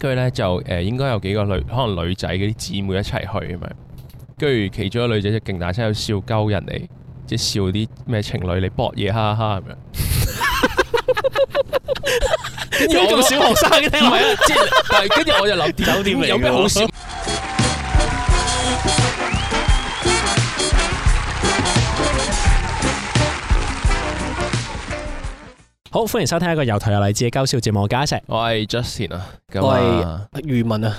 佢咧就誒、呃，應該有幾個女，可能女仔嗰啲姊妹一齊去咁樣。跟住其中一個女仔就勁大聲，喺度笑鳩人哋，即係笑啲咩情侶嚟搏嘢，哈哈咁樣。咁仲小學生嘅聽埋啊！跟住我就諗，酒店有咩好笑？ 好，歡迎收聽一個又頹又勵志嘅搞笑節目，加一石。我係 Justin、嗯、我啊，我係余文啊，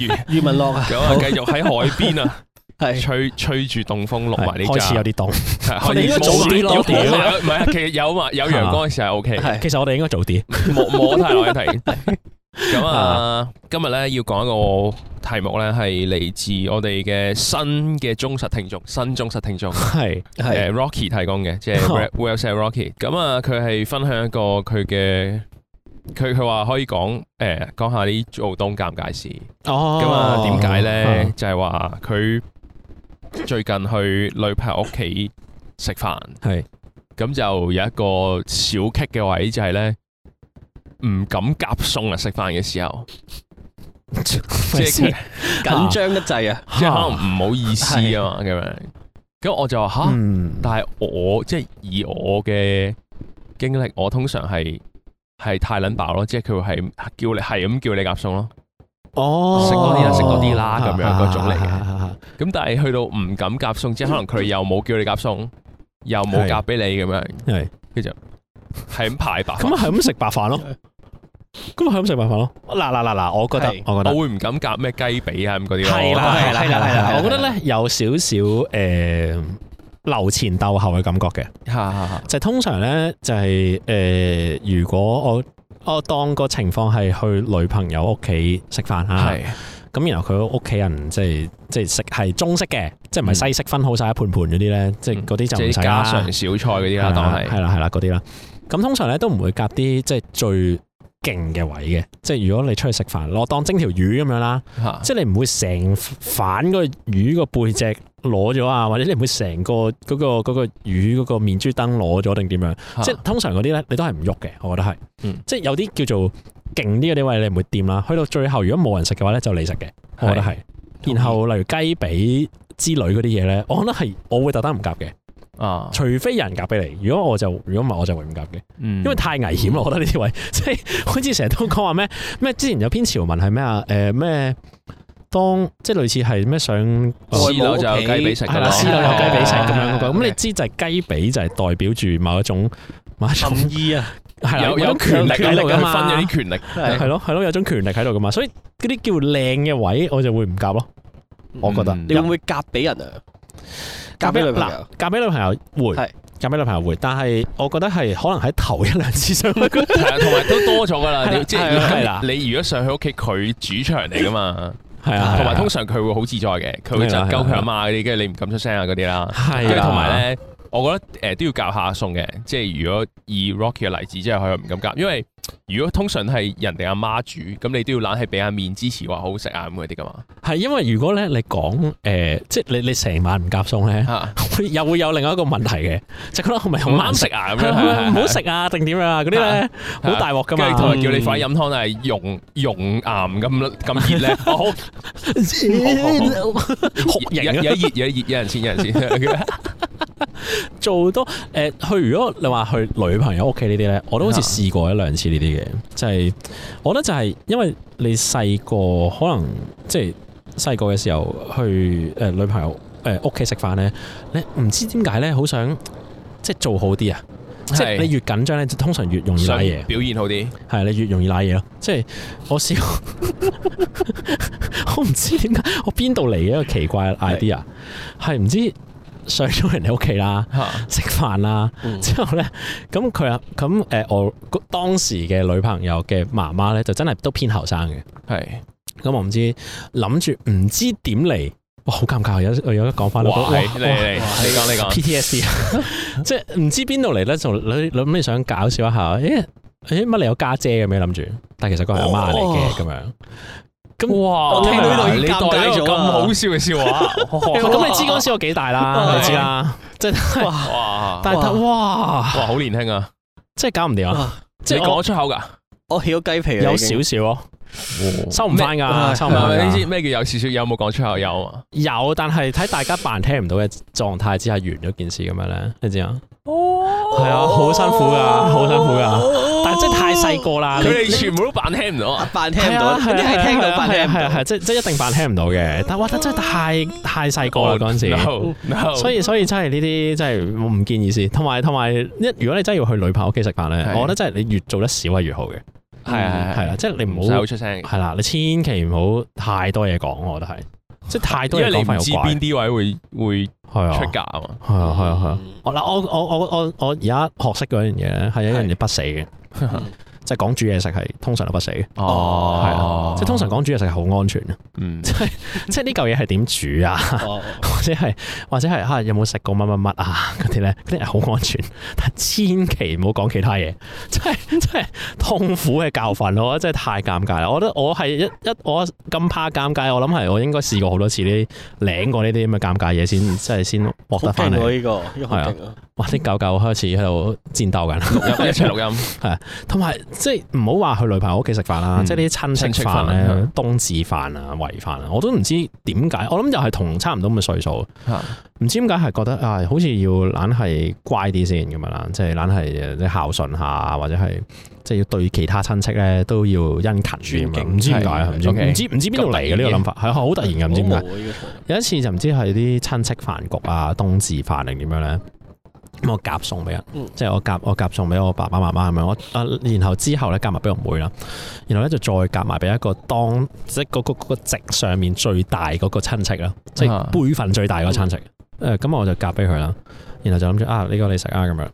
余余文樂啊，繼續喺海邊啊，係吹吹住東風，落埋呢，開始有啲凍。我哋 應該早啲攞唔係，其實有嘛有陽光嘅時候係 O K。其實我哋應該早啲，冇冇太耐停。 咁啊，das, 今日咧要講一個題目咧，係嚟自我哋嘅新嘅忠實聽眾，新忠實聽眾係係 Rocky 提供嘅，即、就、係、是、Well said Rocky。咁啊，佢係分享一個佢嘅，佢佢話可以講誒，講、呃、下啲做東尷尬事。哦、oh.，咁啊，點解咧？就係話佢最近去女朋友屋企食飯，係咁雷尬就有一個小棘嘅位，就係咧。唔敢夾餸啊！食飯嘅時候，即係緊張得滯啊！即係可能唔好意思啊嘛咁樣。咁我就話吓，但係我即係以我嘅經歷，我通常係係太捻爆咯，即係佢會係叫你係咁叫你夾餸咯。哦，食多啲啦，食多啲啦咁樣嗰種嚟嘅。咁但係去到唔敢夾餸，即係可能佢又冇叫你夾餸，又冇夾俾你咁樣。係，跟住係咁排白，咁係咁食白飯咯。咁咪係咁食辦法咯？嗱嗱嗱嗱，我覺得，我覺得我會唔敢夾咩雞髀啊咁嗰啲係啦係啦係啦，我覺得咧有少少誒留前斗後嘅感覺嘅，係就係通常咧就係誒，如果我我當個情況係去女朋友屋企食飯啊，係咁然後佢屋企人即係即係食係中式嘅，即係唔係西式，分好晒一盤盤嗰啲咧，即係嗰啲就唔使啦，即係家常小菜嗰啲啦，當係係啦係啦嗰啲啦，咁通常咧都唔會夾啲即係最。勁嘅位嘅，即係如果你出去食飯，落當蒸條魚咁樣啦，啊、即係你唔會成反個魚個背脊攞咗啊，或者你唔會成個嗰個嗰個魚嗰個面珠燈攞咗定點樣？啊、即係通常嗰啲咧，你都係唔喐嘅，我覺得係，嗯、即係有啲叫做勁啲嗰啲位，你唔會掂啦。去到最後，如果冇人食嘅話咧，就你食嘅，我覺得係。然後例如雞髀之類嗰啲嘢咧，我覺得係，我會特登唔夾嘅。除非有人夾俾你，如果我就如果唔係我就會唔夾嘅，因為太危險啦。我覺得呢啲位，即係好似成日都講話咩咩，之前有篇潮文係咩啊？誒咩，當即係類似係咩上四樓就有雞髀食，四樓有雞髀食咁樣。咁你知就係雞髀就係代表住某一種某一種，係有有權力啊嘛，有啲權力係咯，係咯，有種權力喺度噶嘛。所以嗰啲叫靚嘅位我就會唔夾咯，我覺得。你會唔會夾俾人啊？嫁俾女朋友，嫁俾女朋友回，嫁俾女朋友回。但係，我覺得係可能喺頭一兩次上，同埋都多咗㗎喇。係啦，你如果上去屋企，佢主場嚟㗎嘛，係啊了，同埋通常佢會好自在嘅，佢了會就夠強啊嗰啲，跟住了你唔敢出聲啊嗰啲啦。係跟住同埋咧，呢了我覺得誒都要教下送嘅，即係如果以 Rocky 嘅例子，即係佢唔敢夾，因為。如果通常係人哋阿媽煮，咁你都要懶係俾下面支持話好好食啊咁嗰啲噶嘛？係因為如果咧你講誒，即係你你成晚唔夾餸咧，又會有另外一個問題嘅，就覺得我唔啱食啊，咁樣唔好食啊定點樣啊嗰啲咧，好大鑊噉樣？叫你快飲湯，但係融融岩咁咁熱咧，好熱，有有熱有熱，有人先有人先。做多誒，去、呃、如果你話去女朋友屋企呢啲呢，我都好似試過一兩次呢啲嘅，就係、是、我覺得就係因為你細個可能即係細個嘅時候去誒、呃、女朋友誒屋企食飯呢，你唔知點解呢，好想即係做好啲啊！是即係你越緊張呢，就通常越容易瀨嘢，表現好啲係你越容易瀨嘢咯。即係我笑， 我唔知點解我邊度嚟嘅一個奇怪 idea，係唔知。上咗人哋屋企啦，食飯啦，飯嗯、之後咧，咁佢啊，咁誒，我當時嘅女朋友嘅媽媽咧，就真係都偏後生嘅，係是，咁、嗯、我唔知諗住唔知點嚟，哇，好尷尬，有有得講翻啦，你你你，你講你講，PTSD，即係唔知邊度嚟咧，就諗你想搞笑一下，咦乜你有家姐嘅？樣諗住，但係其實佢係阿媽嚟嘅咁樣。咁哇，聽到呢度咁好笑嘅笑話！咁你知嗰時我幾大啦？你知啦，真係哇，但係哇，哇好年輕啊！即係搞唔掂啊！即係講出口噶，我起咗雞皮，有少少咯，收唔翻噶，收唔翻。你知咩叫有少少？有冇講出口？有，有，但係睇大家扮聽唔到嘅狀態之下完咗件事咁樣咧，你知啊？哦，係啊，好辛苦噶，好辛苦噶，但係真係太細個啦，佢哋全部都扮聽唔到，扮聽唔到，一係聽到扮聽唔到，係即係即係一定扮聽唔到嘅。但係得真係太太細個啦嗰陣時，所以所以真係呢啲真係唔建議先。同埋同埋一，如果你真係要去女朋屋企食飯咧，我覺得真係你越做得少係越好嘅，係係啦，即係你唔好出聲，係啦，你千祈唔好太多嘢講，我覺得係。即太多嘢講翻，又怪。因為你唔知邊啲位會會出價啊嘛。係啊，係啊，係啊。啊嗯、我嗱，我我我我我而家學識嗰樣嘢係一樣嘢不死嘅。是 即係講煮嘢食係通常都不死嘅，哦、oh.，係即係通常講煮嘢食係好安全嘅，即係即係呢嚿嘢係點煮啊、oh.，或者係或者係吓有冇食過乜乜乜啊嗰啲咧，嗰啲係好安全，但千祈唔好講其他嘢，即係即係痛苦嘅教訓咯，我覺得真係太尷尬啦！我覺得我係一一我咁怕尷尬，我諗係我應該試過好多次呢啲領過呢啲咁嘅尷尬嘢先，即係先獲得翻嚟。呢、 啊這個，係啊。啲狗狗開始喺度戰鬥緊，錄音一齊錄音，係同埋即係唔好話去女朋友屋企食飯啦，即呢啲親戚飯咧，冬至飯啊、圍飯啊，我都唔知點解，我諗又係同差唔多咁嘅歲數，唔知點解係覺得啊，好似要懶係乖啲先咁樣啦，即係懶係即孝順下，或者係即係要對其他親戚咧都要殷勤啲咁樣，唔知點解，唔知唔知邊度嚟嘅呢個諗法，係好突然嘅，唔知點解。有一次就唔知係啲親戚飯局啊、冬至飯定點樣咧。我夾餸俾人，即係我夾我夾餸俾我爸爸媽媽咁樣，我啊，然後之後咧夾埋俾我妹啦，然後咧就再夾埋俾一個當即個即個個席上面最大嗰個親戚啦，啊、即係輩份最大嗰個親戚。誒、嗯嗯，咁、嗯嗯、我就夾俾佢啦，然後就諗住啊，呢、呢個你食啊咁樣。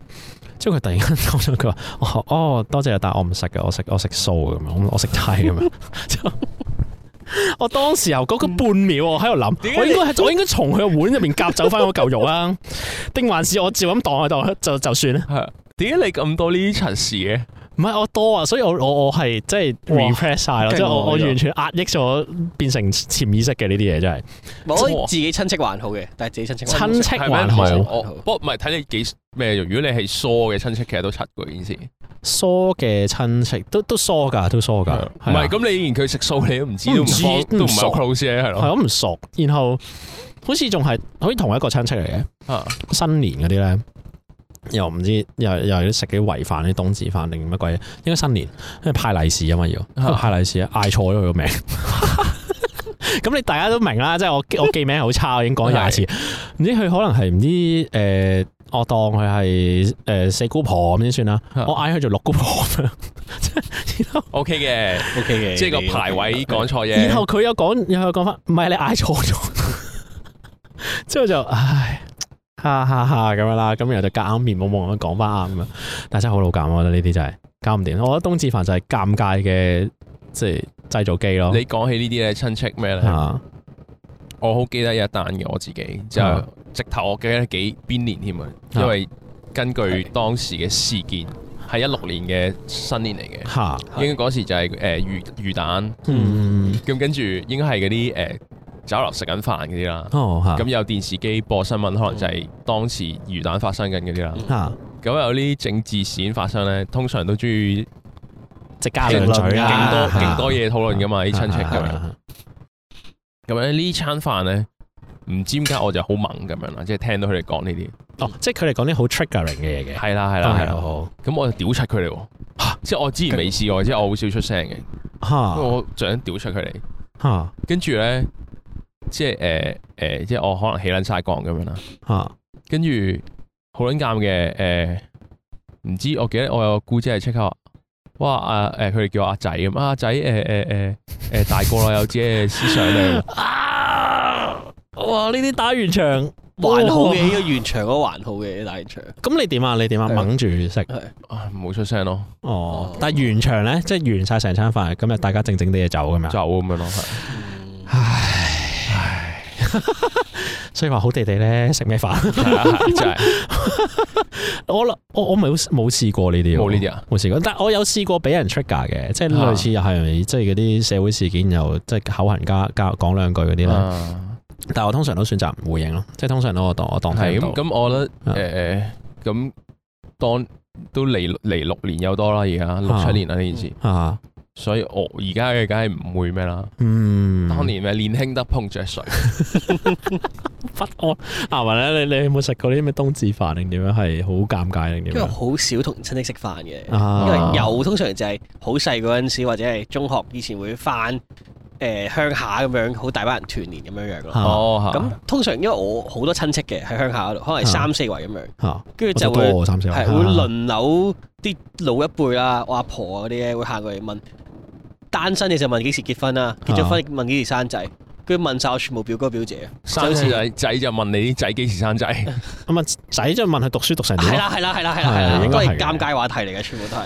之後佢突然間講咗句話：哦，多謝啊，但係我唔食嘅，我食我食素嘅，咁我食齋咁樣。 我當時候嗰個半秒我，我喺度諗，我應該我應該從佢個碗入邊夾走翻嗰嚿肉啦？定 還是我照咁當啊？當就就算啦，點解你咁多呢啲層事嘅？唔係我多啊，所以我我真哇我係即係 repress 晒咯，即係我我完全壓抑咗，變成潛意識嘅呢啲嘢，真係。我自己親戚還好嘅，但係自己親戚親 戚還好，不過唔係睇你幾咩？如果你係疏嘅親戚，其實都出過件事。疏嘅親戚都都疏㗎，都疏㗎。唔係咁，你連佢食素你都唔不知都唔熟老師咧，係咯。係我唔熟，然後好似仲係好似同一個親戚嚟嘅。啊、新年嗰啲咧，又唔知又又食啲圍飯啲冬至飯定乜鬼？應該新年，因為派利是啊嘛要派利是啊的，嗌錯咗佢個名。咁你大家都明啦，即係我我記名好差，我已經講廿次，唔是的 知佢可能係唔知誒、呃，我當佢係誒四姑婆咁先算啦。是的 我嗌佢做六姑婆，O K 嘅，O K 嘅，即係個排位講錯嘢。然後佢又講，又講翻，唔係你嗌錯咗，之 後就唉，哈哈哈咁樣啦，咁然後就夾硬面冇望咁講翻啱咁樣，但真係好老尷，我覺得呢啲就係、是、搞唔掂。我覺得東志凡就係尷尬嘅，即係。製造機咯，你講起呢啲咧，親戚咩咧？我好記得一單嘅我自己，就直頭我記得幾邊年添啊？因為根據當時嘅事件，係一六年嘅新年嚟嘅，吓應該嗰時就係誒魚魚蛋，咁跟住應該係嗰啲誒酒樓食緊飯嗰啲啦，咁有電視機播新聞，可能就係當時魚蛋發生緊嗰啲啦，咁有啲政治事件發生咧，通常都中意。即係交流啊！勁多勁多嘢討論噶嘛，啲親戚咁樣。咁樣呢餐飯咧，唔知點解我就好猛咁樣啦，即係聽到佢哋講呢啲。哦，即係佢哋講啲好 triggering 嘅嘢嘅。係啦，係啦，係啦。咁我就屌出佢哋喎。即係我之前未試過，即係我好少出聲嘅。嚇！我想屌出佢哋。嚇！跟住咧，即係誒誒，即係我可能起撚晒槓咁樣啦。嚇！跟住好撚尷嘅誒，唔知我記得我有姑姐係出街哇！誒、啊、誒，佢、呃、哋叫阿仔咁，阿仔誒誒誒誒大個啦，有自己思想啦。 哇！呢啲打完場還好嘅，呢個哇完場都還好嘅，打完場。咁哇你點啊？你點啊？掹住食，唔好是、啊、出聲咯。哦，哦但係完場咧，即係完晒成餐飯，今日大家靜靜啲嘢走咁樣。走咁樣咯。係、嗯。唉。 所以話好地地咧食咩飯，真係 我我我冇冇試過呢啲，冇呢啲啊，冇試過。但係我有試過俾人 trigger 嘅，即係類似又係、啊、即係嗰啲社會事件又即係口痕加加講兩句嗰啲啦。啊、但係我通常都選擇唔回應咯，即係通常都我當我當係咁咁，我咧誒誒咁當都嚟嚟六年又多啦，而家六七年啦呢、啊啊、件事啊。所以，我而家嘅梗係唔會咩啦。嗯，當年咪年輕得碰著水，不安。阿云咧，你你有冇食過啲咩冬至飯定點樣？係好尷尬定點樣？因為好少同親戚食飯嘅，啊、因為又通常就係好細嗰陣時，或者係中學以前會翻誒鄉下咁樣，好大班人團年咁樣樣咯。哦、啊，咁通常因為我好多親戚嘅喺鄉下度，可能三四圍咁樣，跟住、啊、就會三四圍係會輪流啲老一輩啦、啊，我阿婆嗰啲咧會行過嚟問。單身嘅時候問幾時結婚啦，結咗婚問幾時生仔，跟住問晒我全部表哥表姐啊。生仔時就問你啲仔幾時生仔。咁啊仔就問佢讀書讀成點。係啦係啦係啦係啦係啦，應該係尷尬話題嚟嘅，全部都係。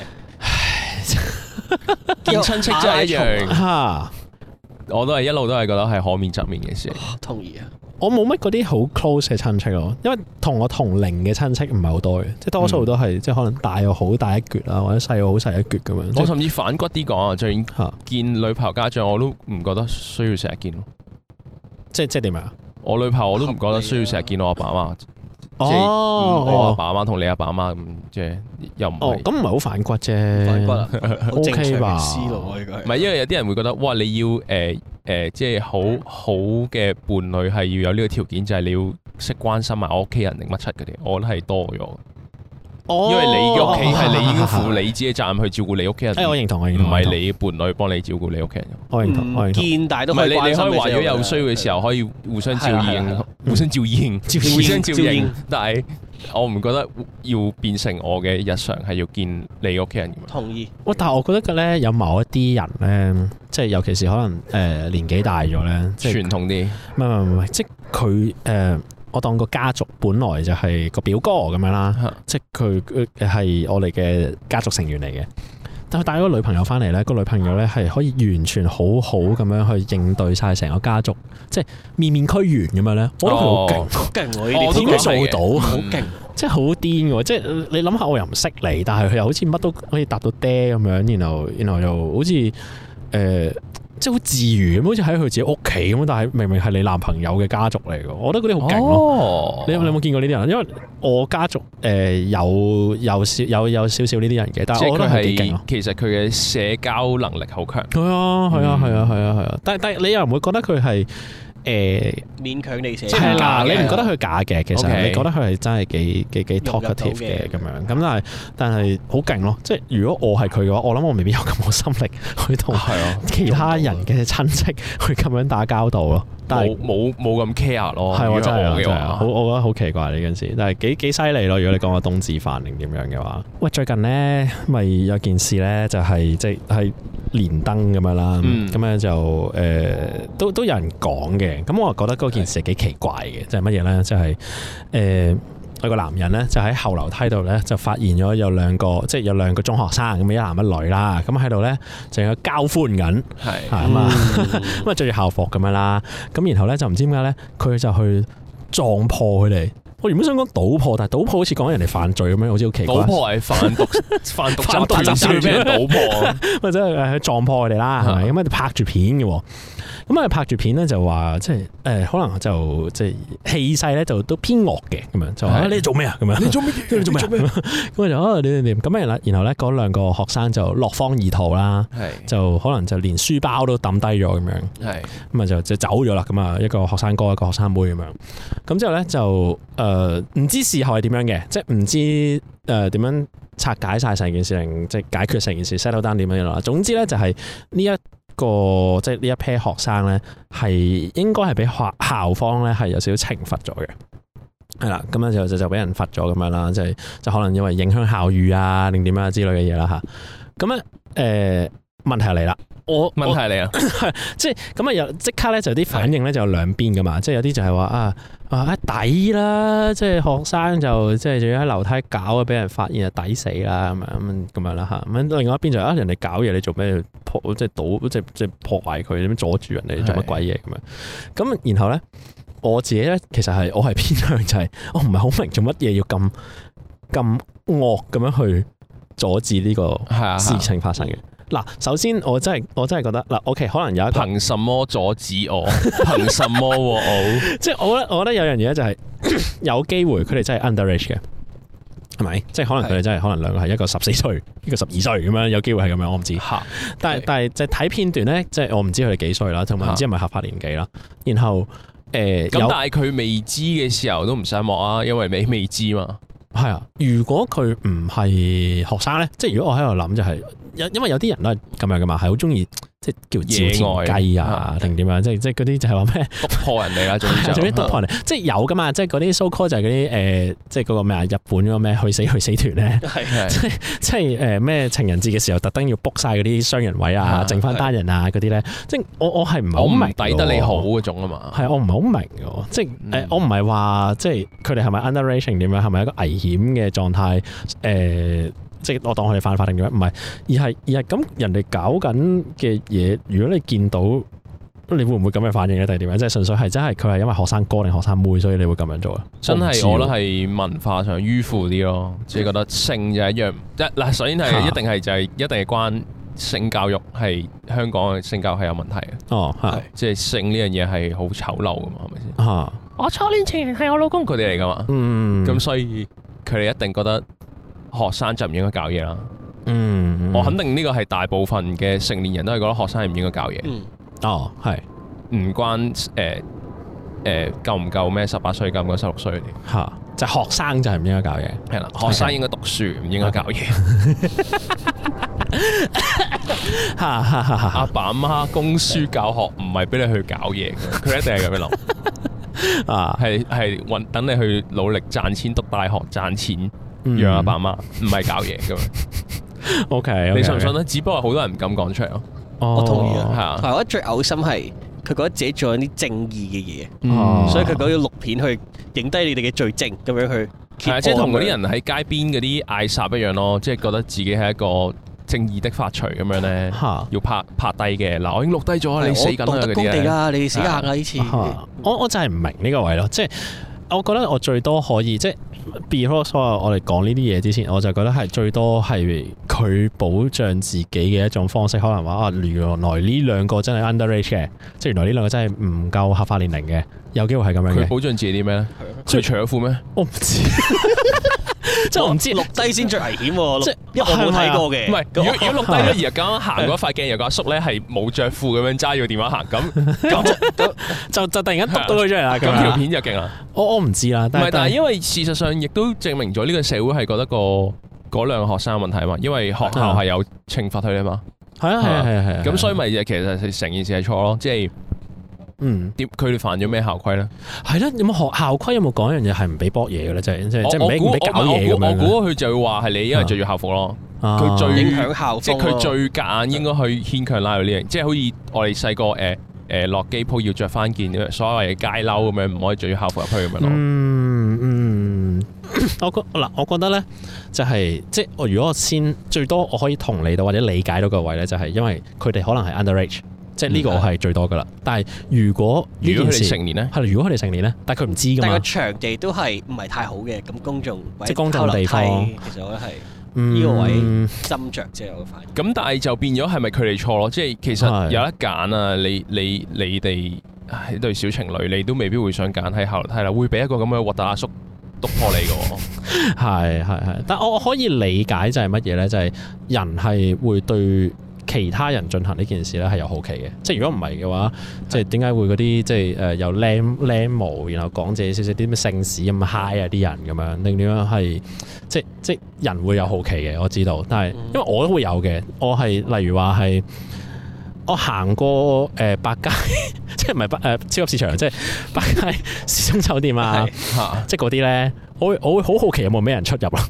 見親唉 戚真係一樣。吓、啊，我都係一路都係覺得係可免則免嘅事。 同意啊。我冇乜嗰啲好 close 嘅親戚咯，因為同我同齡嘅親戚唔係好多嘅，即係多數都係、嗯、即係可能大我好大一橛啦，或者細我好細一橛嘅咁樣。嗯、以我甚至反骨啲講啊，最近見女朋友家長我都唔覺得需要成日見囉，即係即係點樣啊？我女朋友我都唔覺得需要成日見到我阿爸阿媽。哦，即係噢我阿爸阿媽同你阿爸阿媽咁，即係又唔係哦，咁唔係好反骨啫，反骨啊，O K 吧思路啊，依唔係因為有啲人會覺得哇，你要誒誒、呃呃，即係好好嘅伴侶係要有呢個條件，就係、是、你要識關心埋我屋企人定乜七嗰啲，的我覺得係多咗。因為你嘅屋企係你負你自己責任去照顧你屋企人，我認同，唔係你伴侶幫你照顧你屋企人。我認同，我認同。都唔係你，你可以話咗有需要嘅時候可以互相照應，互相照應，互相照應。但係我唔覺得要變成我嘅日常係要見你屋企人。同意。哇！但係我覺得嘅咧，有某一啲人咧，即係尤其是可能誒年紀大咗咧，傳統啲。唔係唔係唔係，即係佢誒。我當個家族本來就係個表哥咁樣啦，是的 即係佢係我哋嘅家族成員嚟嘅。但係帶咗個女朋友翻嚟咧，個女朋友咧係可以完全好好咁樣去應對晒成個家族，即係面面俱圓咁樣咧。我覺得佢好勁，勁喎呢啲，都係、哦、點解做到，好勁、嗯 即係好癲嘅。即係你諗下，我又唔識你，但係佢又好似乜都可以達到爹咁樣，然後然後又好似誒。呃即係好自如，咁，好似喺佢自己屋企咁，但係明明係你男朋友嘅家族嚟嘅。我覺得嗰啲好勁咯。哦、你有你有冇見過呢啲人？因為我家族誒、呃、有有少有有少少呢啲人嘅，但係我覺得係、啊、其實佢嘅社交能力好強。係、嗯、啊係啊係啊係啊係啊！但係但係你又唔會覺得佢係。誒，勉強你寫，係啦，你唔覺得佢假嘅？其實你覺得佢係真係幾幾幾 talkative 嘅咁樣，咁但係但係好勁咯。即係如果我係佢嘅話，我諗我未必有咁好心力去同其他人嘅親戚去咁樣打交道咯。但係冇冇咁 care 咯。係我真係好，我覺得好奇怪呢件事，但係幾幾犀利咯。如果你講個冬至飯定點樣嘅話，喂，最近呢咪有件事呢，就係即係。連燈咁樣啦，咁咧、嗯、就誒、呃、都都有人講嘅，咁我就覺得嗰件事幾奇怪嘅，即係乜嘢咧？即係誒有一個男人咧，就喺、是、後樓梯度咧就發現咗有兩個，即、就、係、是、有兩個中學生咁，一男一女啦，咁喺度咧成日交歡緊，係啊，咁啊着住校服咁樣啦，咁然後咧就唔知點解咧，佢就去撞破佢哋。我原本想講賭破，但係賭破好似講人哋犯罪咁樣，好似好奇怪。賭破係販毒，販 毒集團咩賭破、啊？或者係撞破佢哋啦，係咪？咁啊拍住片嘅，咁啊拍住片咧就話即係誒可能就即係氣勢咧就都偏惡嘅咁樣，就話是的 你做咩啊咁樣？你做咩？你做咩？咁啊 就啊點點點咁樣，然後咧，然後咧嗰兩個學生就落荒而逃啦，是的 就可能就連書包都抌低咗咁樣，咁啊就即走咗啦，咁啊一個學生哥一個學生妹咁樣，咁之後咧就、呃誒，唔知事後係點樣嘅，即係唔知誒點樣拆解晒成件事情，令即係解決成件事 set 好單點樣啦。總之咧，就係呢一個即係呢一批學生咧，係應該係俾校校方咧係有少少懲罰咗嘅，係啦。咁咧就就俾人罰咗咁樣啦，即係就可能因為影響校譽啊，定點樣啊之類嘅嘢啦吓。咁咧誒問題嚟啦。我問吓你 是啊，即係咁啊，又即刻咧就啲反應咧就有兩邊噶嘛，即係有啲就係話啊，啊抵啦，即係學生就即係仲要喺樓梯搞啊，俾人發現啊抵死啦咁樣咁樣啦吓咁，另外一邊就是，啊人哋搞嘢，你做咩破即係倒，即係即係破壞佢，點阻住人哋做乜鬼嘢咁是樣？咁然後咧，我自己咧其實係我係偏向就係，是，我唔係好明做乜嘢要咁咁惡咁樣去阻止呢個事情發生嘅。嗱，首先我真係我真係覺得嗱，OK，可能有一個憑什麼阻止我？ 憑什麼喎？ 即係我覺得我覺得有樣嘢就係、是、 有機會佢哋真係 underage 嘅，係咪？即係可能佢哋真係是可能兩個係一個十四歲，一個十二歲咁樣，有機會係咁樣，我唔知但。但係但係就睇片段咧，即係我唔知佢哋幾歲啦，同埋唔知係咪合法年紀啦。然後誒，咁、呃、但係佢未知嘅時候都唔想摸啊，因為未未知嘛。係啊，如果佢唔係學生咧，即係如果我喺度諗就係、是。因因為有啲人都係咁樣噶嘛，係好中意即係叫野雞啊，定點、嗯、樣，即係即係嗰啲就係話咩 book 破人哋啦，仲要仲要 book 破你， 即係有噶嘛，即係嗰啲 so call 就係嗰啲誒，即係嗰個咩啊，日本嗰個咩去死去死團咧，是是是 即係即係誒咩情人節嘅時候特登要 book 晒嗰啲雙人位啊，是是是剩翻單人啊嗰啲咧，即係我我係唔係好明抵得你好嗰種啊嘛，係我唔係好明嘅，即係、呃嗯、我唔係話即係佢哋係咪 underage t i 點樣，係咪一個危險嘅狀態誒？呃即係我當佢哋犯法定嘅咩？唔係，而係而係咁人哋搞緊嘅嘢。如果你見到，你會唔會咁樣反應咧？定係點咧？即係純粹係真係佢係因為學生哥定學生妹，所以你會咁樣做咧？真係，我覺得係文化上迂腐啲咯。即係覺得性就係一樣，即係嗱，首先係一定係就係一定係關性教育係香港嘅性教育係有問題嘅。哦，係，即係性呢樣嘢係好醜陋噶嘛？係咪先？啊，我初戀情人係我老公佢哋嚟噶嘛？嗯，咁所以佢哋一定覺得。學生就唔應該搞嘢啦。嗯，我肯定呢個係大部分嘅成年人都係覺得學生係唔應該搞嘢。嗯，哦，係唔關誒誒夠唔夠咩十八歲，夠唔夠十六歲嗰啲吓，就學生就係唔應該搞嘢。係啦，學生應該讀書，唔應該搞嘢。阿爸阿媽供書教學，唔係俾你去搞嘢嘅，佢一定係咁樣諗。啊，係係等你去努力賺錢，讀大學賺錢。養阿爸阿媽，唔係搞嘢咁樣。O K，你信唔信咧？只不過好多人唔敢講出嚟咯。我同意啊，係啊。同埋我覺得最嘔心係，佢覺得自己做緊啲正義嘅嘢，所以佢攞咗錄片去影低你哋嘅罪證咁樣去。係即係同嗰啲人喺街邊嗰啲嗌殺一樣咯，即係覺得自己係一個正義的發錘咁樣咧。吓，要拍拍低嘅。嗱，我已經錄低咗，你死梗啦嗰啲。地啦，你死硬啊！呢次，我我真係唔明呢個位咯，即係。我覺得我最多可以即係 before 所謂我哋講呢啲嘢之前，我就覺得係最多係佢保障自己嘅一種方式，可能話啊原來呢兩個真係 underage 嘅，即係原來呢兩個真係唔夠合法年齡嘅，有機會係咁樣嘅。佢保障自己啲咩咧？即係除咗褲咩？我唔不知。 即係我唔知，錄低先最危險。即係因為我冇睇過嘅。唔係，如果如果錄低咗，而家咁樣行嗰塊鏡，又個阿叔咧係冇着褲咁樣揸住個電話行，咁咁就就突然間㧻到佢出嚟啦。咁條片就勁啦。我我唔知啦。唔係，但係因為事實上亦都證明咗呢個社會係覺得個嗰兩個學生問題嘛，因為學校係有懲罰佢啊嘛。係啊係啊係啊係啊。咁所以咪就其實成件事係錯咯，即係。嗯，點佢哋犯咗咩校規咧？係咧，有冇學校規有冇講一樣嘢係唔俾搏嘢嘅咧？即係即係即係唔俾搞嘢咁樣我估佢就會話係你因為着住校服咯，佢、啊、最影響校即係佢最夾硬應該去牽強拉住呢樣，對 即係好似我哋細個誒誒，落機鋪要着翻件所謂嘅街褸咁樣，唔可以着住校服入去咁樣咯、嗯。嗯嗯， 我嗱，我覺得咧就係、是、即係我如果我先最多我可以同理到或者理解到個位咧，就係因為佢哋可能係 underage 即係呢個係最多噶啦，但係如果如果佢哋成年咧，係如果佢哋成年咧，但係佢唔知噶嘛，但係場地都係唔係太好嘅，咁公眾即係公眾地方，係其實我覺得係呢個位斟酌咗嘅反應。咁但係就變咗係咪佢哋錯咯？即係其實有得揀啊！你你你哋係對小情侶，你都未必會想揀喺後樓梯，係啦，會俾一個咁嘅核突阿叔篤破你個，係係係。但係我可以理解就係乜嘢咧？就係人係會對。其他人進行呢件事咧係有好奇嘅，即係如果唔係嘅話，是的 即係點解會嗰啲即係誒有靚靚模，然後講自己少少啲咩性事咁嗨啊啲人咁樣，定點樣係即係即係人會有好奇嘅，我知道。但係、嗯、因為我都會有嘅，我係例如話係。我行過誒百佳，即係唔係百誒超級市場，即係百佳時鐘酒店啊，即係嗰啲咧，我會我會好好奇有冇咩人出入啦。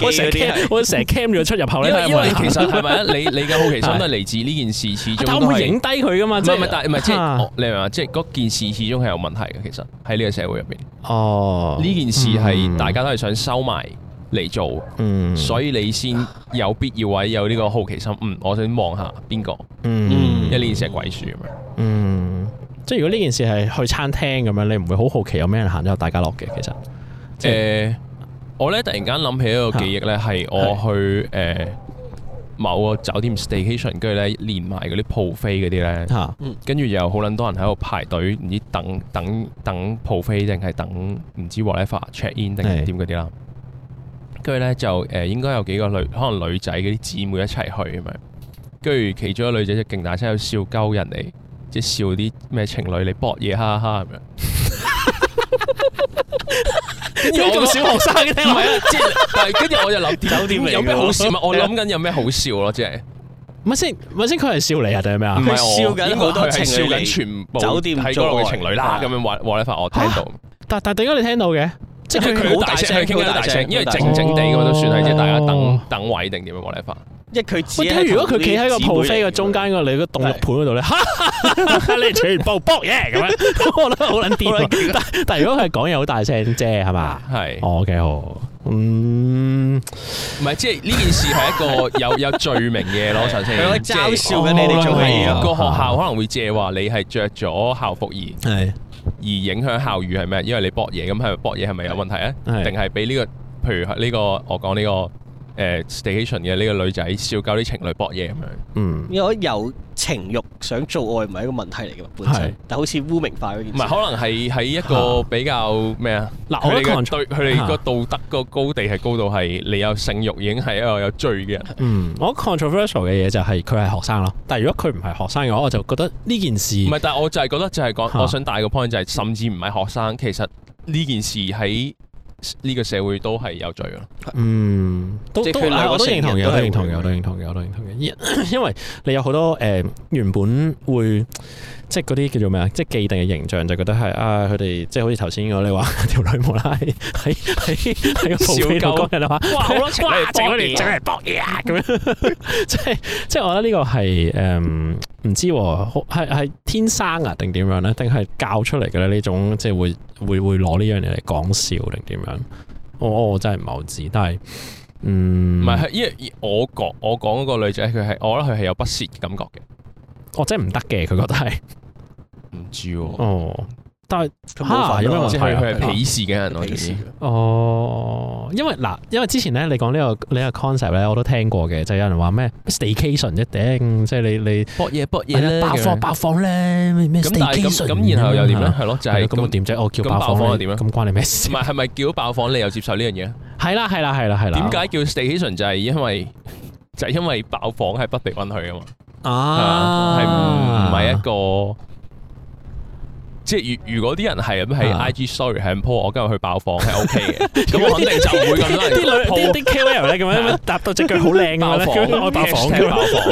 我成日我成日 cam 住佢出入後咧，因為其實係咪啊？你你嘅好奇心都係嚟自呢件事始終。他會影低佢㗎嘛？唔係唔係但係唔係即係你明嘛？即係嗰件事始終係有問題嘅。其實喺呢個社會入邊，哦，呢件事係大家都係想收埋，嚟做，所以你先有必要位有呢個好奇心。嗯，我想望下邊個？嗯，一呢成鬼祟咁樣。嗯，即係如果呢件事係去餐廳咁樣，你唔會好好奇有咩人行咗入大家樂嘅。其實，誒、呃，我咧突然間諗起一個記憶咧，係我去誒的、呃、某個酒店 staycation，跟住咧連埋嗰啲鋪飛嗰啲咧，嚇的，跟住又好撚多人喺度排隊，唔知等等等鋪飛定係等唔知 whatever check in 定係點嗰啲啦。佢咧就誒，應該有幾個女，可能女仔嗰啲姊妹一齊去咁樣。跟住其中一個女仔即係勁大聲，喺度笑鳩人哋，即係笑啲咩情侶你博嘢，哈哈咁樣。咁仲小學生嘅聽埋啊！跟住我就諗酒店有咩好笑？我諗緊有咩好笑咯，即係唔係先，唔係先，佢係笑你啊，定係咩啊？佢係笑緊好多情侶，笑緊全部酒店嗰嘅情侶啦。咁樣對話話咧我聽到，但但點解你聽到嘅？即係佢好大聲，傾得大聲，因為靜靜地咁都算係，即係大家等等位定點樣冇理法。一佢點解如果佢企喺個鋪飛嘅中間個你個凍肉盤嗰度咧？你全部搏嘢咁樣，我覺得好撚癲。但係如果佢講嘢好大聲啫，係嘛？係。O K，好。嗯，唔係，即係呢件事係一個有有罪名嘅咯，首先，佢嘲笑緊你哋，做乜嘢。個學校可能會借話你係着咗校服而係。而影響校譽係咩？因為你博嘢咁，係博嘢係咪有問題啊？定係俾呢個，譬如呢個我講呢個。誒、呃、Staycation 嘅呢、這個女仔笑鳩啲情侶搏嘢咁樣，嗯，因為有情欲，想做愛唔係一個問題嚟嘅本身是但好似污名化嗰件事，唔係可能係喺一個比較咩啊？嗱麼，我哋得對佢哋個道德個高地係高度係、啊、你有性慾已經係一個有罪嘅人、嗯。我覺得 controversial 嘅嘢就係佢係學生咯。但係如果佢唔係學生嘅話，我就覺得呢件事唔係。但係我就係覺得就係講，啊、我想帶個 point 就係，甚至唔係學生，其實呢件事喺。呢個社會都係有罪咯。嗯，都都我都認同嘅，我都認同嘅，都同我都認同嘅，都同我都認同嘅。因 因為你有好多誒、呃，原本會。即係嗰啲叫做咩啊？即係既定嘅形象就覺得係啊，佢哋即係好似頭先我你話條女無啦喺喺喺個肚皮度講嘢啦，哇！啊啊、 我哋整、嗯、我哋整博嘢咁樣即係即係，我覺得呢個係誒唔知係係天生啊定點樣咧？定係教出嚟嘅咧？呢種即係會會會攞呢樣嘢嚟講笑定點樣？我我真係唔係好知，但係唔係係因為我講我講嗰個女仔，佢係我覺得佢係有不屑感覺嘅。哦，真係唔得嘅，佢覺得係唔知哦。但係嚇，有咩問題？佢係鄙視嘅人咯，鄙視。哦，因為嗱，因為之前咧，你講呢個呢個 concept 咧，我都聽過嘅。就有人話咩 Staycation 啫，頂，即係你你博嘢博嘢咧，爆房爆房咧，咩 Staycation 咁？但係咁，然後又點咧？係咯，就係咁點啫。我叫爆房又點咧？咁關你咩事？唔係，係咪叫爆房？你又接受呢樣嘢？係啦，係啦，係啦，係啦。點解叫 Staycation？就係因為就係因為爆房係不被允許啊嘛。啊，係唔係一個？即係如如果啲人係咁喺 IG Story 喺度 po，我今日去爆房係 OK 嘅。咁我肯定就每咁多人啲女啲啲 KOL 咧咁樣搭到隻腳好靚嘅咧，我爆房，爆房，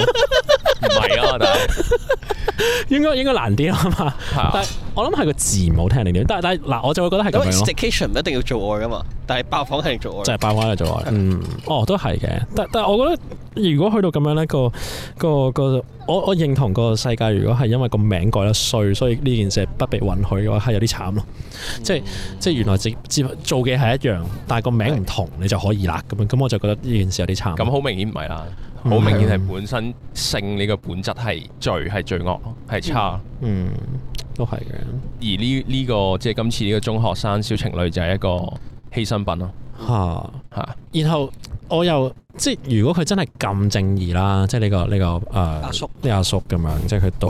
唔係啊，但係應該應該難啲啊嘛。但係我諗係個字唔好聽定點，但係但係嗱，我就會覺得咁樣咯。因為 Staycation 唔一定要做愛噶嘛，但係爆房係做愛，即係爆翻係做愛。嗯，哦，都係嘅，但但係我覺得。如果去到咁樣咧，個個個我我認同個世界，如果係因為個名改得衰，所以呢件事不被允許嘅話，係有啲慘咯。 即係、嗯、即係原來直直做嘅係一樣，但係個名唔同，的你就可以啦。咁咁我就覺得呢件事有啲慘。咁好明顯唔係啦，好明顯係本身性你個本質係罪，係罪惡，係差。嗯，都係嘅。嗯、而呢呢、這個即係今次呢個中學生小情侶就係一個犧牲品咯。吓吓、啊，啊、然後我又。即係如果佢真係咁正義啦，即係、這、呢個呢、這個誒呢、呃、阿叔咁樣，即係佢到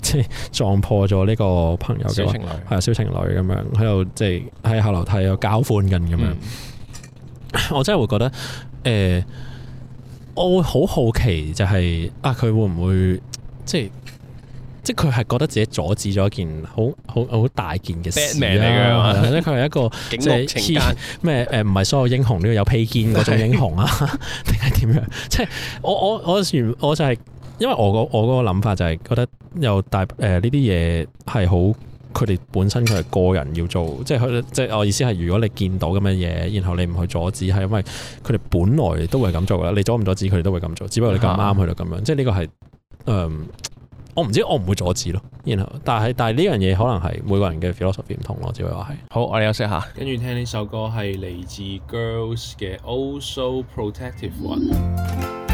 即係撞破咗呢個朋友嘅，情侶係啊小情侶咁樣喺度即係喺後樓梯度交歡緊咁樣，樣嗯、我真係會覺得誒、呃，我會好好奇就係、是、啊佢會唔會即係？即係佢係覺得自己阻止咗一件好好好大件嘅事，啊，bad name 嚟嘅即係佢係一個即係黐咩誒？唔係 情、呃、所有英雄都、這、要、個、有披肩嗰種英雄啊，定係點樣？即係我我我我就係、是、因為我個我嗰個諗法就係覺得有大誒呢啲嘢係好佢哋本身佢係個人要做，即係佢即係我意思係如果你見到咁嘅嘢，然後你唔去阻止，係因為佢哋本來都會咁做㗎啦。你阻唔阻止佢哋都會咁做，只不過你咁啱去到咁樣，即係呢個係嗯。嗯嗯嗯我唔知，我唔會阻止咯。然後，但係但係呢樣嘢可能係每個人嘅 philosophy 唔同咯，我只會話係。好，我哋休息下，跟住聽呢首歌係嚟自 Girls 嘅 The Oh So Protective One。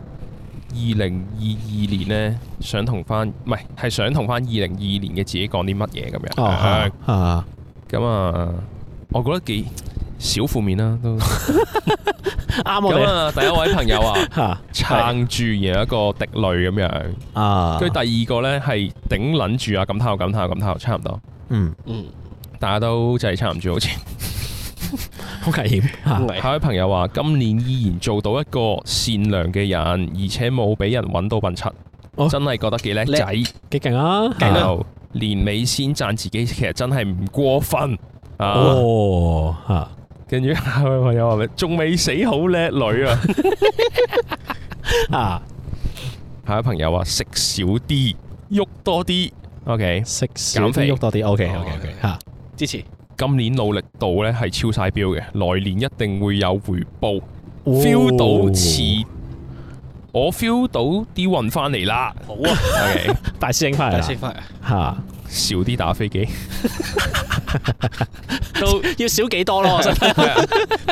二零二二年呢，想同翻唔係，係想同翻二零二二年嘅自己講啲乜嘢咁樣。哦，係啊，咁啊，我覺得幾小負面啦，都啱咁啊，第一位朋友啊，撐住是然後一個滴淚咁樣。啊，跟第二個呢，係頂捻住啊，咁頭咁頭咁頭，差唔多。嗯嗯，大家、嗯、都真係差唔多好似。好危險！下位朋友話：今年依然做到一個善良嘅人，而且冇俾人揾到笨柒，真係覺得幾叻仔，幾勁啊！年尾先讚自己，其實真係唔過分吓，跟住下位朋友話：咩？仲未死，好叻女啊！啊！下位朋友話：食少啲，喐多啲。O K，食少啲，喐多啲。O K，O K，O K，吓，支持。今年努力度咧，係超晒標嘅，來年一定會有回報。feel 到似我 feel 到啲運翻嚟啦，好啊，大師兄翻嚟啦，吓，少啲打飛機，都要少幾多咯。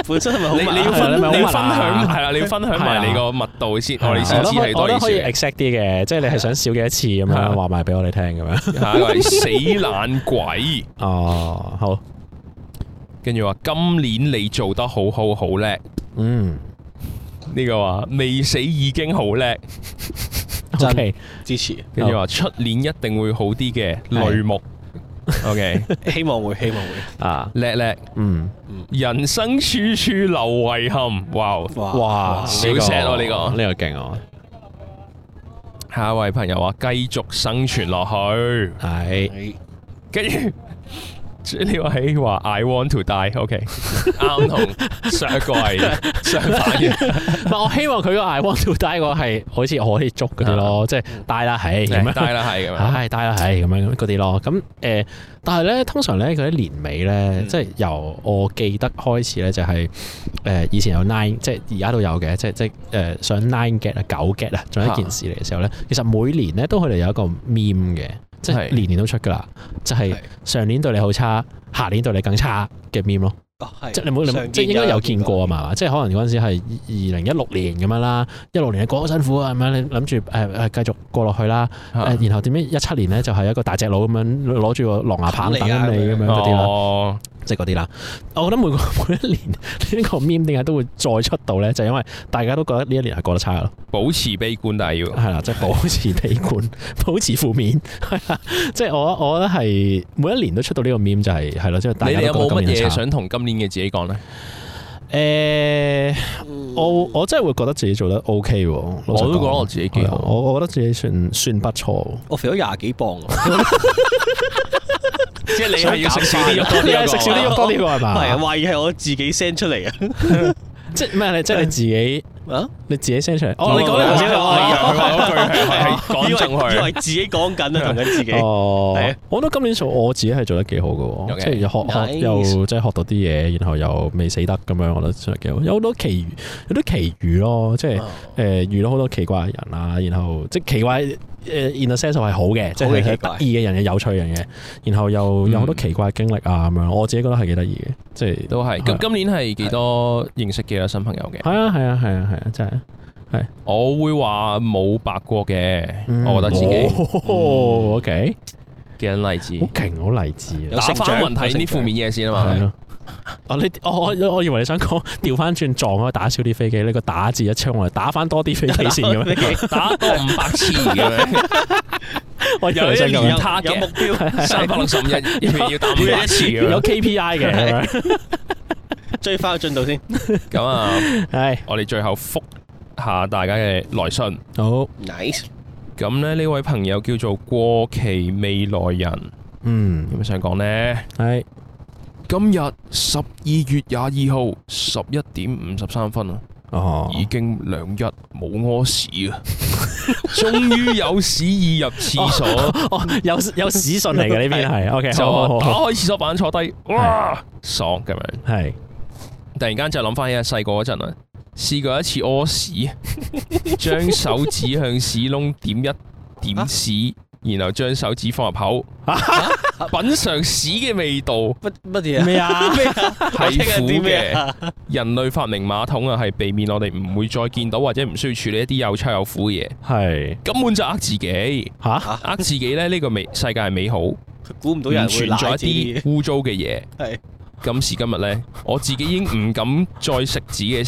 本身係咪好？你你要你分享係啦，你要分享埋你個密度先，我哋先知你多少次。我覺得可以 exact 啲嘅，即係你係想少幾多次咁樣話埋俾我哋聽咁樣，死懶鬼哦，好。跟住話今年你做得好好好叻，嗯，呢個話未死已經好叻，真係支持。跟住話出年一定會好啲嘅類目，OK，希望會希望會啊叻叻，嗯，人生處處留遺憾，哇哇，少 s e 呢個呢個勁哦，下一位朋友啊，繼續生存落去，係，跟住。呢位話 I want to die，OK，啱同上一個係相反嘅。我希望佢個 I want to die 個係好似可以捉嗰啲咯，即係 die 啦，係咁樣 die 啦，係咁樣，唉啦，係咁樣嗰啲咯。咁誒，但係咧通常咧，佢啲年尾咧，即係由我記得開始咧、就係，就係誒以前有 nine，即係而家都有嘅，即係即係誒上 nine get 啊九 get 啊，仲有一件事嚟嘅時候咧，其實每年咧都佢哋有一個 meme 嘅。即係年年都出㗎喇，就係是上年對你好差，下年對你更差嘅 meme 咯。即係你冇諗，即係應該有見過啊嘛，即係可能嗰陣時係二零一六年咁樣啦，一六年你過好辛苦啊，係咪你諗住誒誒繼續過落去啦？是的 然後點樣一七年咧，就係一個大隻佬咁樣攞住個狼牙棒打你咁樣嗰啲啦，即係嗰啲啦。我覺得每個每一年呢、這個 meme 點解都會再出道咧，就是、因為大家都覺得呢一年係過得差咯，保持悲觀但係要係啦，即係 保持悲觀，保持負面。即 係 我我覺得係每一年都出到呢個 meme 就係係啦，即、就、係、是、你哋有冇乜嘢想同今嘅自己講咧，誒、欸，我我真係會覺得自己做得 OK 喎，我都覺得我自己幾好，我我覺得自己算算不錯，我肥咗廿幾磅，即係你係要食少啲肉多啲、那個，食少啲肉多啲喎係嘛？係我吧，懷疑係我自己 send 出嚟嘅， 即係咩？你即係你自己。 你自己 send 出嚟，我你講嘅唔同啊！以為自己講緊啊，同緊自己。哦，我覺得今年做我自己係做得幾好嘅，即係又學學又即係學到啲嘢，然後又未死得咁樣，我覺得真係幾好。有好多奇遇，有啲奇遇咯，即係誒遇到好多奇怪嘅人啊，然後即係奇怪誒，然後 in a sense 係好嘅，即係得意嘅人嘅，有趣人嘅，然後又有好多奇怪嘅經歷啊咁樣，我自己覺得係幾得意嘅，即係都係。咁今年係幾多認識幾多新朋友嘅？係啊，係啊，係啊，係。真係係，我會話冇白過嘅，我覺得自己。哦，OK，幾好勵志，好勁，好勵志啊！打翻問題啲負面嘢先啊嘛。係囉。哦，你我我以為你想講調翻轉撞啊，打少啲飛機，呢個打字一槍我嚟打翻多啲飛機先嘅咩？打多五百次嘅咩？我以為你想用他嘅目標，三百六十五日，一年要打五百次，有 KPI 嘅。追翻個進度先，咁啊，係我哋最後覆下大家嘅來信，好 nice。咁呢呢位朋友叫做過期未來人，嗯，有乜想講呢？係今日十二月廿二號十一點五十三分啊，哦，已經兩日冇屙屎啊，終於有屎意入廁所，有有屎訊嚟嘅呢邊係，OK，打開廁所板坐低，哇，爽咁樣，係。突然間就諗翻起細個嗰陣啊，試過一次屙屎，將手指向屎窿點一點屎，然後將手指放入口，啊、品嘗屎嘅味道。乜嘢啊？咩啊？係苦嘅麼。人類發明馬桶啊，係避免我哋唔會再見到或者唔需要處理一啲又臭又苦嘅嘢。係是根本就呃自己。吓、啊，呃自己咧？呢、這個世界係美好，估唔到人存在一啲污糟嘅嘢。係。今時今日呢，我自己已經唔敢，敢再食自己嘅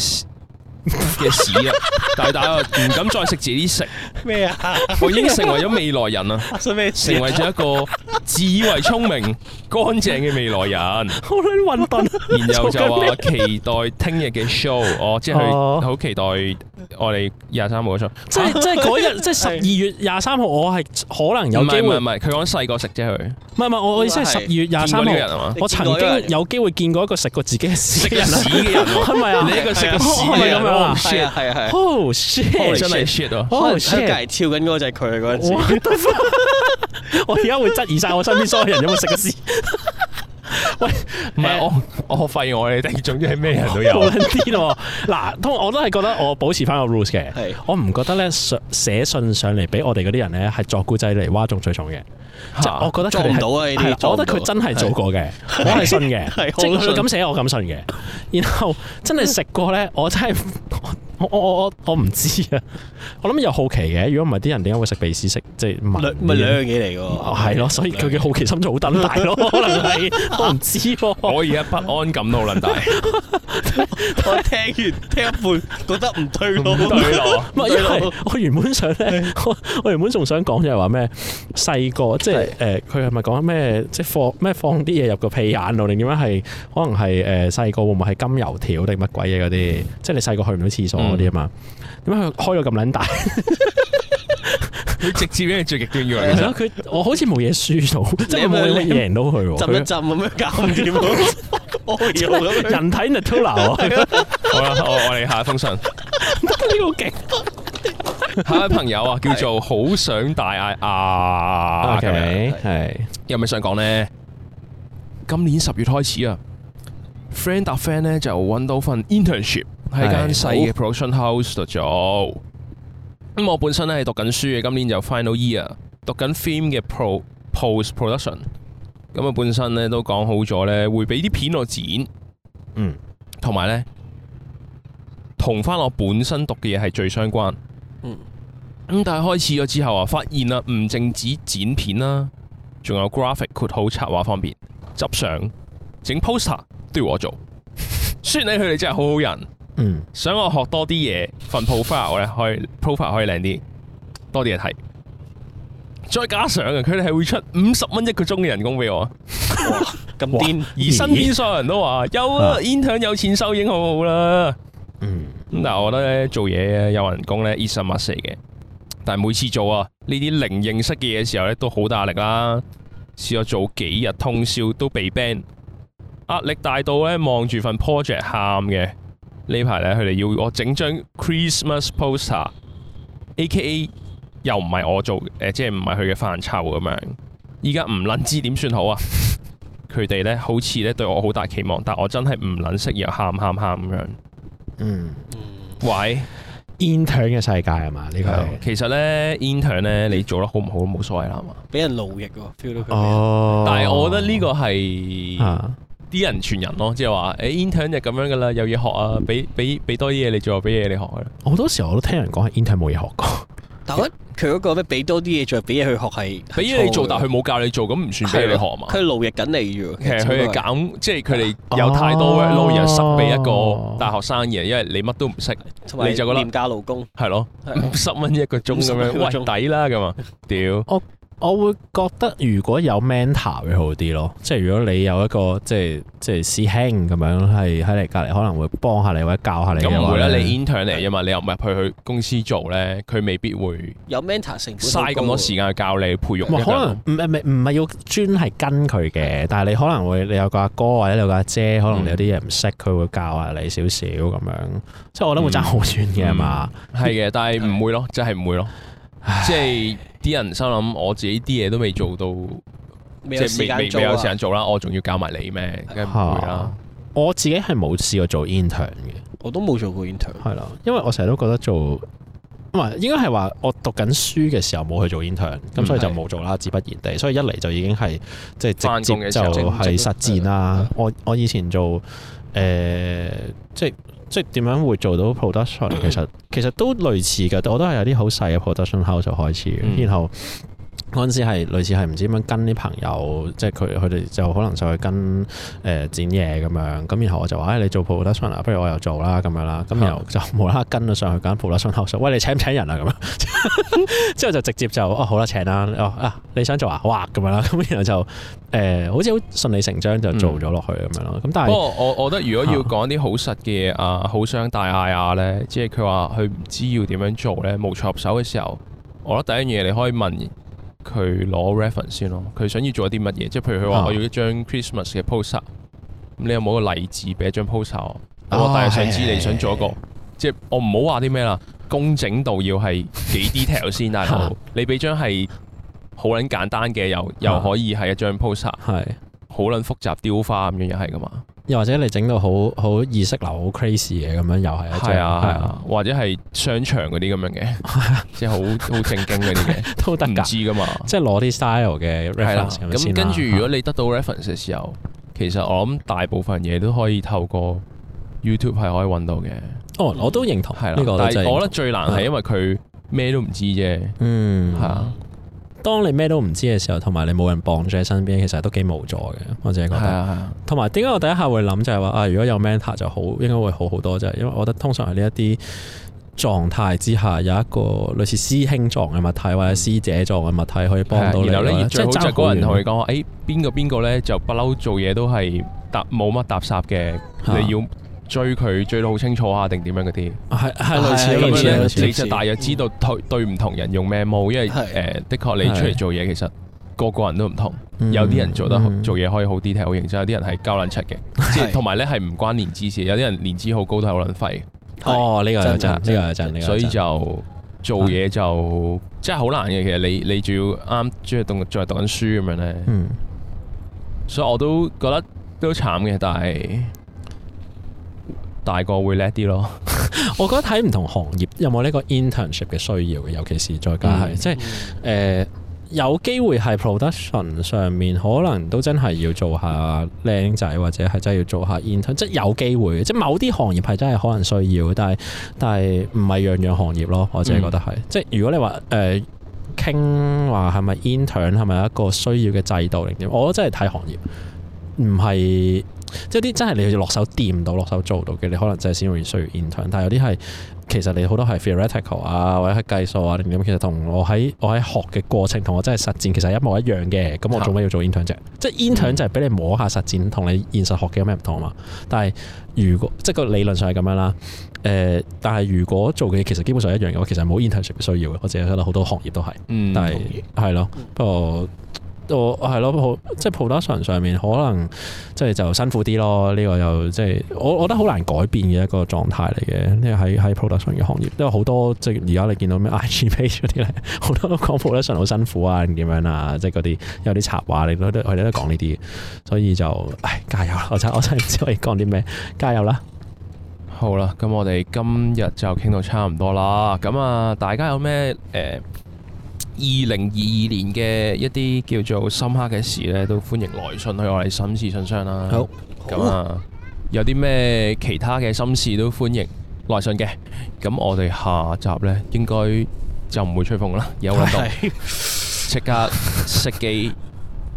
屎啦，大大唔敢再食自己食咩啊！ 我已經成為咗未來人啦，啊、成為咗一個自以為聰明、乾淨嘅未來人。好混沌，然後就話期待聽日嘅 show，我即係好期待。我哋廿三號嗰時候，即係即係嗰日，即係十二月廿三號，我係可能有機會。唔係唔係，佢講細個食啫佢。唔係唔係，我我意思係十二月廿三號，我曾經有機會見過一個食過自己屎嘅人，係咪啊？你一個食過屎嘅係咪咁樣啊？係啊係啊係。好，Oh shit！真係 shit 跳緊嗰佢陣時。我而家會質疑晒我身邊所有人有冇食過屎。喂，唔係我我發現我哋總之係咩人都有，冇分邊咯。嗱，通我都係覺得我保持翻個 rules 嘅，我唔覺得咧寫信上嚟俾我哋嗰啲人咧係作故仔嚟嘩眾取寵嘅。我覺得做唔到啊呢啲，我覺得佢真係做過嘅，我係信嘅，即佢咁寫我咁信嘅。然後真係食過咧，我真係。我我我我唔知啊！我諗又好奇嘅，如果唔係啲人點解會食鼻屎食？即係唔係兩樣嘢嚟噶？係咯，嗯，所以佢嘅好奇心就好等大咯。可能係、 啊、我唔知喎。我而家不安感都好卵大。 我聽完聽一半覺得唔對路，對對因為我原本想咧，對我原本仲想講就係話咩細個即係誒，佢係咪講咩即放咩放啲嘢入個屁眼度，定點樣係？可能係誒細個會唔會係金油條定乜鬼嘢嗰啲？即係你細個去唔到廁所。嗯我哋啊嘛，點解佢開咗咁撚大？佢直接俾你最極端要嚟。其實佢我好似冇嘢輸到，即係冇乜贏到佢，浸一浸咁樣搞，掂。知點。我做咗人體內偷拿。好啦，我我哋下一封信。呢個好勁。下一位朋友啊，叫做好想大嗌啊！係咪？係有咩想講呢？今年十月開始啊，friend 搭 friend 咧就搵到份 internship。係間細嘅 production house 度做。咁我本身咧係讀緊書嘅，今年就 final year 讀緊 film 嘅 pro post production，咁、嗯、啊、嗯、本身咧都講好咗咧，會俾啲片我剪，嗯，同埋咧同返我本身讀嘅嘢係最相關，嗯，咁、嗯嗯、但係開始咗之後啊，發現啊唔淨止剪片啦，仲有 graphic cut 好插畫方面，執相整 poster 都要我做， 雖然咧佢哋真係好好人。想我學多啲嘢，份 profile 咧可以 profile 可以靚啲，多啲嘢睇。再加上啊，佢哋係會出五十蚊一個鐘嘅人工俾我，咁癲。而身邊所有人都話有啊 intern、啊、有錢收影好好啦。嗯，咁但係我覺得咧做嘢有人工咧 is a must 嚟嘅。但係每次做啊呢啲零認識嘅嘢嘅時候咧，都好大壓力啦。試咗做幾日通宵都被 ban，壓力大到咧望住份 project 喊嘅。呢排咧，佢哋要我整張 Christmas poster，AKA 又唔係我做，誒、呃，即係唔係佢嘅範疇咁樣。依家唔撚知點算好啊？佢哋咧，好似咧對我好大期望，但我真係唔撚識又喊喊喊咁樣。嗯，喂，intern 嘅世界係嘛？呢、這個其實咧，intern 咧，你做得好唔好都冇所謂啦，係嘛？俾人奴役喎，feel 到佢。喔、哦，但係我覺得呢個係。啊啲人傳人咯，即係話，誒 intern 就咁樣噶啦，有嘢學啊，俾俾俾多啲嘢你做，俾嘢你學噶啦。好多時候我都聽人講係 intern 冇嘢學過，但係佢嗰個咩俾多啲嘢做，俾嘢去學係俾你做，但係佢冇教你做，咁唔算俾你學嘛。佢奴役緊你喎。其實佢哋揀，即係佢哋有太多嘅勞役，塞畀一個大學生嘅，因為你乜都唔識，你就覺得廉價勞工係咯，十蚊一個鐘咁樣，抵啦咁嘛，屌！我會覺得如果有 mentor 會好啲咯，即係如果你有一個即係即係師兄咁樣，係喺你隔籬可能會幫下你或者教下你。咁會啦，你 intern 嚟啊嘛，你，是你又唔係去去公司做咧，佢未必會有 mentor 成。嘥咁多時間去教你培育。可能唔唔唔係要專係跟佢嘅，但係你可能會你有個阿哥，哥或者你有個阿姐，姐，可能你有啲嘢唔識，佢會教下你少少咁樣。即係我覺得會爭好遠嘅啊嘛。係嘅、嗯嗯，但係唔會咯，即係唔會咯。即係啲人心諗，我自己啲嘢,都未做到，即係未有時間做啦。我仲要教埋你咩？梗係唔會啦。我自己係冇試過做 intern 嘅，我都冇做過 intern。係啦，因為我成日都覺得做唔係應該係話，我讀緊書嘅時候冇去做 intern，咁是所以就冇做啦，自不然地。所以一嚟就已經係即係直接就係實戰啦。我我以前做誒、呃、即係。即係點樣會做到 production？其實其實都類似嘅，我都係有啲好細嘅 production house 就開始，嗯、然後。嗰陣時係類似係唔知點樣跟啲朋友，即係佢佢哋就可能就去跟誒剪嘢咁樣，咁然後我就話：，誒、哎，你做 production 啊，不如我又做啦咁樣啦。咁然後就無啦啦跟咗上去講 production 後喂，你請唔請人啊？咁樣之後就直接就哦好啦、啊，請啦啊，你想做啊？哇咁樣啦，咁然後就誒、呃，好似好順理成章就做咗落去咁、嗯、樣咯。咁但係不過我我覺得如果要講啲好實嘅啊，好想大嗌 r 咧，即係佢話佢唔知要點樣做咧，無措入手嘅時候，我覺得第一嘢你可以問。佢攞 reference 先咯，佢想要做啲乜嘢？即係譬如佢話我要一張 Christmas 嘅 poster，啊、你有冇個例子俾一張 poster？、哦、我大致想知你是的 想做一個，是的 即係我唔好話啲咩啦，工整度要係幾 detail 先，但係 你俾張係好撚簡單嘅，又又可以係一張 poster，係好撚複雜雕花咁樣又係噶嘛？或者你整到好好意識流、好 crazy 嘅咁樣又係一隻，係啊，係啊，或者係商場嗰啲咁樣嘅， 即係好好正經嗰啲嘅， 都得唔知㗎嘛，即係攞啲 style 嘅 reference、啊。咁、啊、跟住如果你得到 reference 嘅時候，哦、其實我諗大部分嘢都可以透過 YouTube 係可以揾到嘅。哦，我都認同係啦、嗯啊，但係我覺得最難係因為佢咩都唔知啫。嗯，係啊、嗯。當你咩都唔知嘅時候，同埋你冇人傍住喺身邊，其實都幾無助嘅。我自己覺得。係啊係。同埋點解我第一下會諗就係、是、話啊，如果有 mentor 就好，應該會好好多就啫。因為我覺得通常係呢一啲狀態之下，有一個類似師兄狀嘅物體或者師姐狀嘅物體可以幫到你。即、啊、後好就，好就嗰個人同你講話，誒邊個邊個呢？就不嬲做嘢都係搭冇乜搭霎嘅，你要。追佢追得好清楚啊，定點樣嗰啲？係係類似，類似，類似。你就大約知道對唔同人用咩毛，因為誒的確你出嚟做嘢，其實個個人都唔同。有啲人做得做嘢可以好 detail，係好認真；有啲人係交撚出嘅，即係同埋咧係唔關年資事。有啲人年資好高都係好撚廢。哦，呢個真，呢個真，所以就做嘢就即係好難嘅。其實你你仲要啱即係讀在讀緊書咁樣咧。所以我都覺得都慘嘅，但係。大個會叻啲咯， 我覺得睇唔同行業有冇呢個 internship 嘅需要，尤其是再加係，嗯、即係誒、呃、有機會係 production 上面，可能都真係要做下靚仔，或者係真係要做下 intern，即係有機會即係某啲行業係真係可能需要，但係但係唔係樣樣行業咯，我真係覺得係，嗯、即係如果你話誒傾話係咪 intern 係咪一個需要嘅制度嚟點，我覺得真係睇行業，唔係，即係啲真係你落手掂到落、嗯、手做到嘅，你可能真係先要需要 intern。但係有啲係其實你好多係 theoretical 啊或者係計數啊，定咁其實同我喺我喺學嘅過程同我真係實踐其實一模一樣嘅。咁我做咩要做 intern 啫、嗯？即係 intern 就係俾你摸下實踐同你現實學嘅有咩唔同啊嘛。但係如果即係個理論上係咁樣啦，誒、呃，但係如果做嘅嘢其實基本上一樣嘅話，其實冇 intern 需要嘅。我自己覺得好多行業都係，但係係咯，不過。我係咯，即係 production 上面可能即係就辛苦啲咯。呢個又即係我我覺得好難改變嘅一個狀態嚟嘅。呢個喺喺 production 嘅行業，因為好多即係而家你見到咩 IG page 嗰啲咧，好多都講 production 好辛苦啊，點樣啊，即係嗰啲有啲插畫你都都我哋都講呢啲。所以就，唉，加油啦！我真我真係唔知可以講啲咩，加油啦！好啦，咁我哋今日就傾到差唔多啦。咁啊，大家有咩誒？呃二零二二年嘅一啲叫做深刻嘅事呢，都歡迎來信去我哋心事信箱啦。好，咁啊，有啲咩其他嘅心事都歡迎來信嘅。咁我哋下集呢應該就唔會吹風啦，有運動。即刻熄機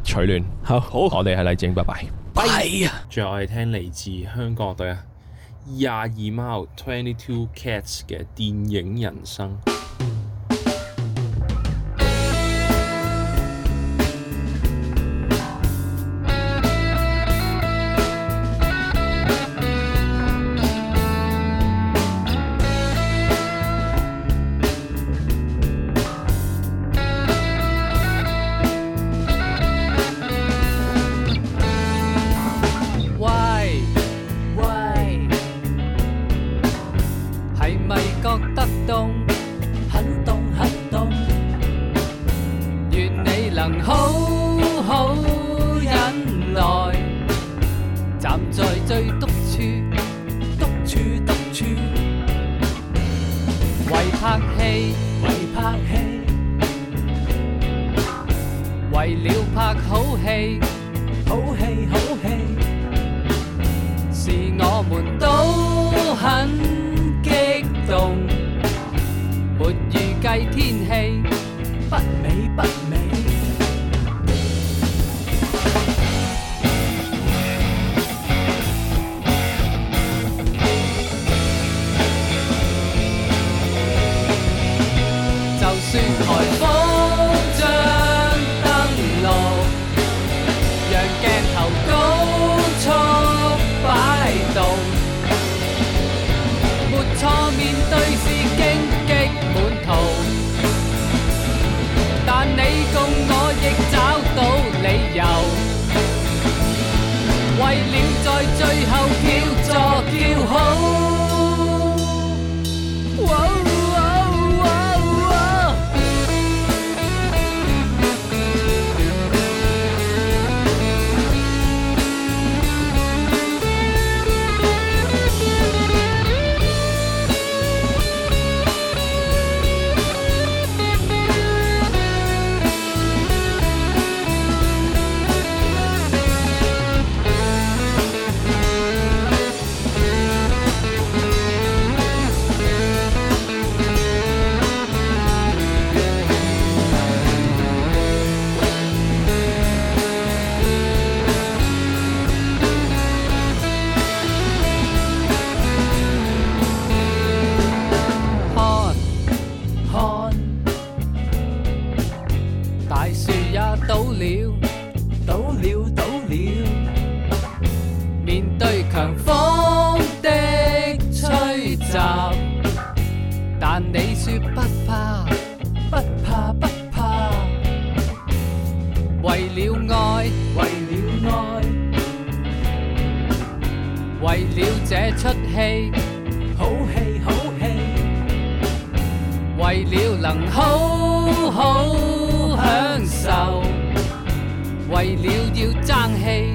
取暖。好好，我哋係麗晶，拜拜。係啊。最後我哋聽嚟自香港隊啊，廿二貓 Twenty Two Cats 嘅電影人生。面對是荊棘滿途，但你共我亦找到理由，為了在最後。為了這出戲，好戲好戲，好戲為了能好好享受，為了要爭氣。